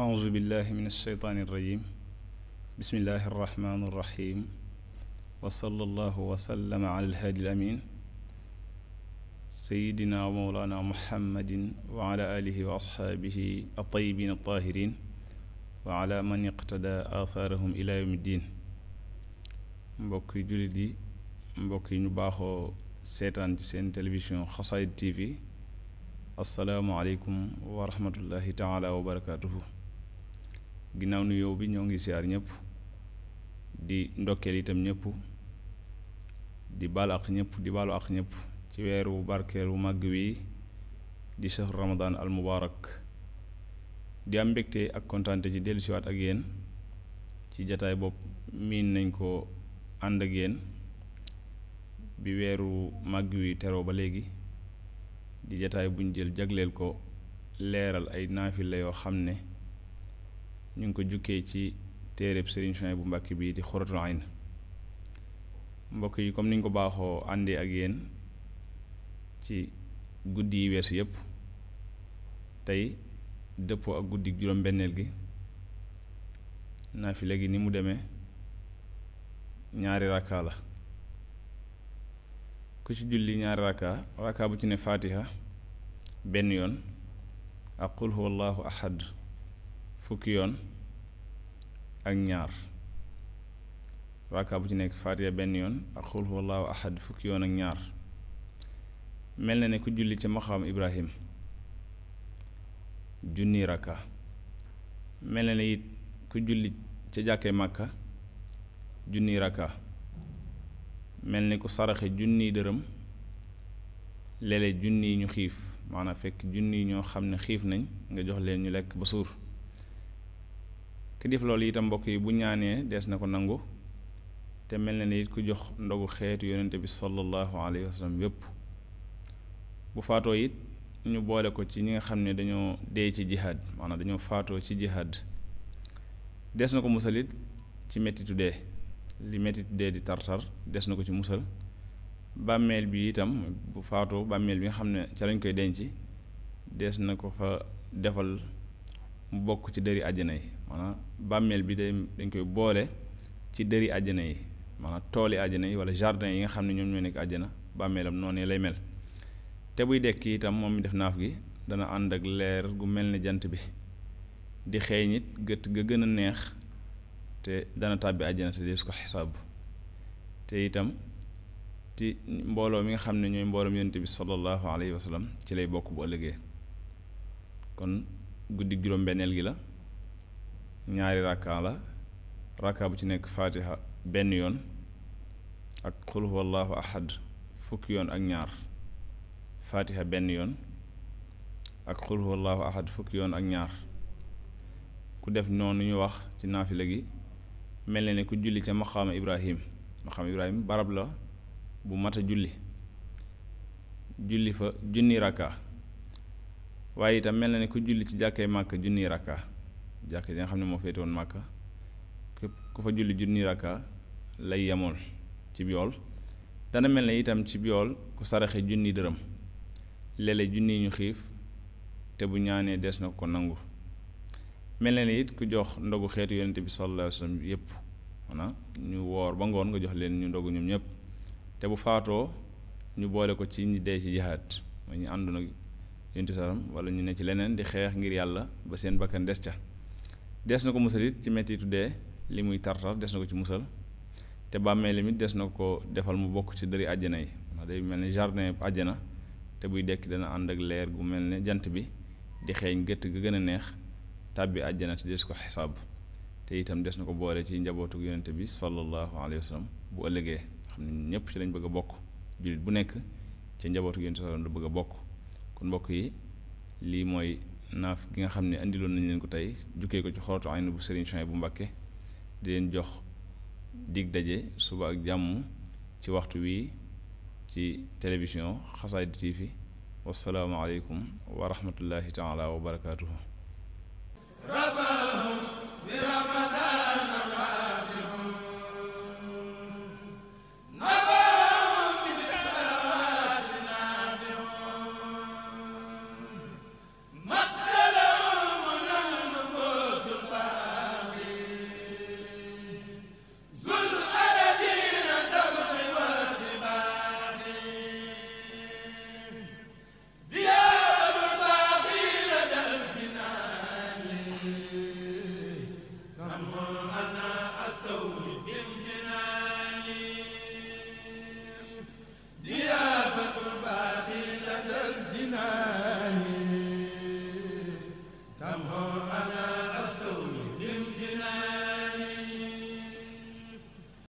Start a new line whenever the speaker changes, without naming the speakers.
أعوذ بالله من الشيطان الرجيم بسم الله الرحمن الرحيم وصلى الله وسلم على الهادي الأمين سيدنا ومولانا محمد وعلى آله وأصحابه الطيبين الطاهرين وعلى من اقتدى آثارهم إلى يوم الدين mbokk yu jullit yi mbokk yi ñu baaxoo seetaan ci seen télévision Xasaayid TV assalaamu aleykum wa rahmatullahi taala wa barakaatuhu ginnaaw nu yow bi ñoo ngi siyaar ñëpp di ndokkeel itam ñëpp di baal ak ñëpp di baalu ak ñëpp ci weeru barkeel wu màgg wi di shahru ramadan al di am mbégte ak kontaante ci dellu siwaat ak yéen ci jataay bopp miin nañ ko ànd ak yéen bi weeru màgg wi tero ba léegi di jataay buñ jël jagleel ko leeral ay naafila yoo xam ne ñu ngi ko jukkee ci téereb Serigne bu Mbacké bii di Xuratul Ayn mbokk yi comme ni ñu ko baaxoo àndee ak yéen ci guddi yi weesu yépp tey dëppoo ak guddi juróom-benneel gi naafila gi ni mu demee ñaari rakka la ku ci julli ñaari rakka rakka bu ci ne faatiha benn yoon ak qul huwallahu ahad fukki yoon ak ñaar rakaa bu ci nekk faatiya benn yoon ak xul huwallaahu ahad fukki yoon ak ñaar mel na ne ku julli ci maqaam ibrahim junni rakka mel na ne it ku julli ca jàkkee màkka junni rakka mel ni ku saraxe junniy dërëm léeg-léeg junni ñu xiif maanaam fekk junni ñoo xam ne xiif nañ nga jox leen ñu lekk ba suur ki def loolu itam mbokk yi bu ñaanee dees na ko nangu te mel na ni it ku jox ndogu xeetu yonente bi sallallahu alayhi wa yépp bu faatoo it ñu boole ko ci ñi nga xam ne dañoo dee ci jihaad maanaam dañoo faatoo ci jihaad des na ko musal it ci mettitu dee li mettitu dee di des na ko ci musal bàmmeel bi itam bu faatoo bàmmeel bi nga xam ne ca lañ koy denc des na ko fa defal mu bokk ci dëri àjjana yi maanaam bàmmeel bi day dañ koy boole ci dëri àjjana yi maanaam tooli àjjana yi wala jardin yi nga xam ne ñoom ñoo nekk àjjana bàmmeelam noonu lay mel te buy dekki itam moom mi def naaf gi dana ànd ak leer gu mel ni jant bi di xeeñ it gët ga gën a neex te dana tàbbi àjjana te dees ko xisaab te itam ti mbooloo mi nga xam ne ñooy mbooloom yonent bi sallallahu alayhi wa sallam ci lay bokk bu ëllëgee kon guddi juróom-benneel gi la ñaari rakka la rakka bu ci nekk faatiha benn yoon ak qul huwallahu ahad fukki yoon ak ñaar benn yoon ak qul huwallahu fukki yoon ak ñaar ku def noonu ñu wax ci naafila gi mel na ne ku julli ca maqaama ibrahim maqaama ibrahim barab la bu mat julli julli fa junni rakka waaye itam mel na ne ku julli ci jàkkee màkk junni rakka jàkk ji nga xam ne moo féete woon màkka képp ku fa julli junni rakka lay yemoon ci yool dana mel ne itam ci yool ku saraxe junni dërëm léeg-léeg junni ñu xiif te bu ñaanee des na ko nangu mel ne it ku jox ndogu xeetu yonent bi sallallahu alayhi wasallam yëpp maanaam ñu woor ba ngoon nga jox leen ñu ndogu ñoom ñëpp te bu faatoo ñu boole ko ci ñi dee ci jihaat mooy ñu àndu nag yonent bi wala ñu ne ci leneen di xeex ngir yàlla ba seen bakkan des ca des na ko musal it ci metti de li muy tartar des na ko ci musal te bàmmeele limit des na ko defal mu bokk ci dëri àjjana yi ndax day mel ni jardin àjjana te buy dekki dana ànd ak leer gu mel ne jant bi di xeeñ gëtt ga gën a neex tàbbi àjjana te des ko xisaab te itam des na ko boole ci njabootu yonente bi sallallahu alayhi wa sallam bu ëllëgee xam ne ñëpp ci lañ bëgg bokk jullit bu nekk ci njabootu yonente sallam la bëgg a bokk kon mbokk yi lii mooy naaf ki nga xam ne indiloon nañ leen ko tey jukkee ko ci xortu na bu Serigne Chan bu Mbàkke di leen jox dig daje suba ak jàmm ci waxtu wi ci télévision Xasaayid TV wassalaamu aleykum wa rahmatullahi taala